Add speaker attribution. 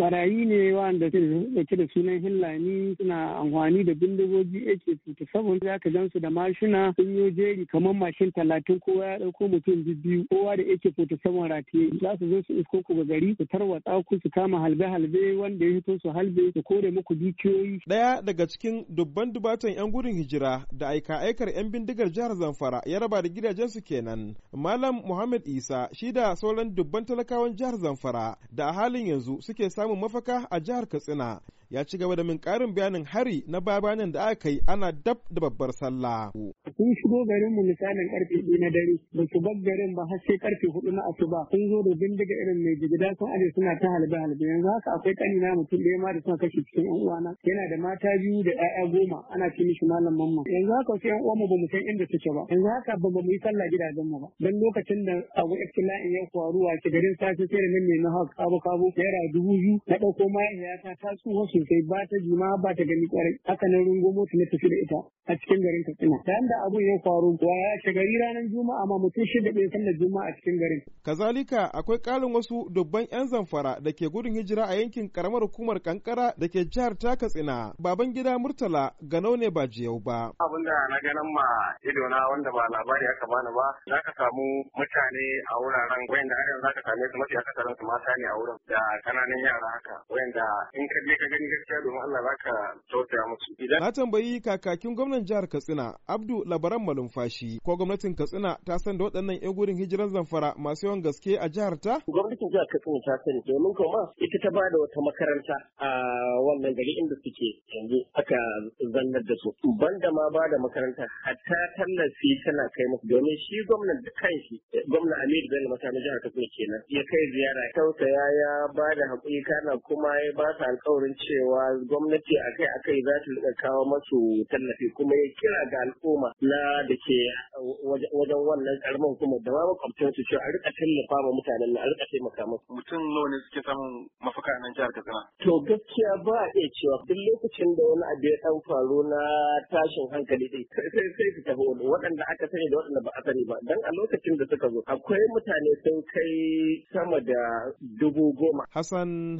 Speaker 1: barayi ne wanda ke da sunan hillani suna amfani da bindigogi ake fito saboda za ka gan da mashina sun yi jeri kamar mashin talatin kowa ya dauko mutum biyu kowa da ake fito saman rataye za su zo su isko ku ga gari su tarwatsa ku su kama halbe-halbe wanda ya fito su halbe su kore muku dukiyoyi. Ɗaya daga cikin dubban dubatan 'yan
Speaker 2: gudun hijira da aika-aikar 'yan bindigar jihar Zamfara ya raba da gidajen su kenan. Malam Muhammad Isa shi da sauran dubban talakawan jihar Zamfara da a halin yanzu suke samun samun mafaka a jihar Katsina ya ci gaba da min karin bayanin hari na babanin da aka yi ana dab da babbar sallah. Kun
Speaker 1: shigo garin mu misalin karfe biyu na dare ba su bar garin ba har sai karfe hudu na asuba Kun zo da bindiga irin mai jigida sun aje suna ta halbe halbe yanzu haka akwai kanina mutum ɗaya ma da suna kashe cikin yan uwana yana da mata biyu da ƴaƴa goma ana ce mishi malam mamman yanzu haka wasu yan uwanmu ba mu san inda suke ba yanzu haka ba mu yi sallah gidajen mu ba dan lokacin da abu iftila'in ya faruwa ke garin safe sai da nan ne na haka kabo kabo naira dubu biyu na ɗauko sa, ta tsuho sosai ba ta jima ba ta gani ƙwarai haka nan rungumo ta na tafi da ita a cikin garin Katsina. ta da abun ya faru kuwa ya ce gari ranar Juma'a ma mutum shida bai sanda Juma'a a cikin garin.
Speaker 2: Kazalika akwai ƙarin wasu dubban 'yan zamfara da ke gudun hijira a yankin karamar hukumar kankara da ke jihar ta Katsina. Baban gida Murtala ganau ne ba jiyau
Speaker 3: ba. Abin da na ganin ma ido na wanda ba labari aka bani ba za ka samu mutane a wuraren wayan da za ka same su mafi akasarin su mata ne a wurin da kananan yara haka zaka musu idan na tambayi kakakin
Speaker 2: gwamnan jihar Katsina Abdu Labaran Malumfashi ko gwamnatin Katsina ta san da waɗannan yan gurin hijiran zamfara masu yawan gaske a jihar ta
Speaker 3: gwamnatin jihar Katsina ta sani domin kuma ita ta bada wata makaranta a wannan gari inda suke yanzu aka zannar da su banda ma bada makaranta hatta tallafi tana kai musu domin shi gwamnan da kanshi eh, gwamna Amir Bello mata na jihar Katsina kenan ya kai ziyara tausaya ya bada haƙuri kana kuma ya ba su alkawarin cewa gwamnati akai-akai za ta rika kawo masu tallafi kuma ya kira ga al'umma na da ke wajen wannan karamar kuma da ma makwabtan su cewa a rika tallafa ma mutanen a rika taimaka musu. Mutum nawa ne suke samun mafaka nan jihar Katsina? To gaskiya ba a iya cewa duk lokacin da wani abu ya dan faru na tashin hankali ɗin sai sai su tafi waɗanda aka sani da waɗanda ba a sani ba dan a lokacin da suka zo akwai mutane sun kai sama da dubu goma. Hassan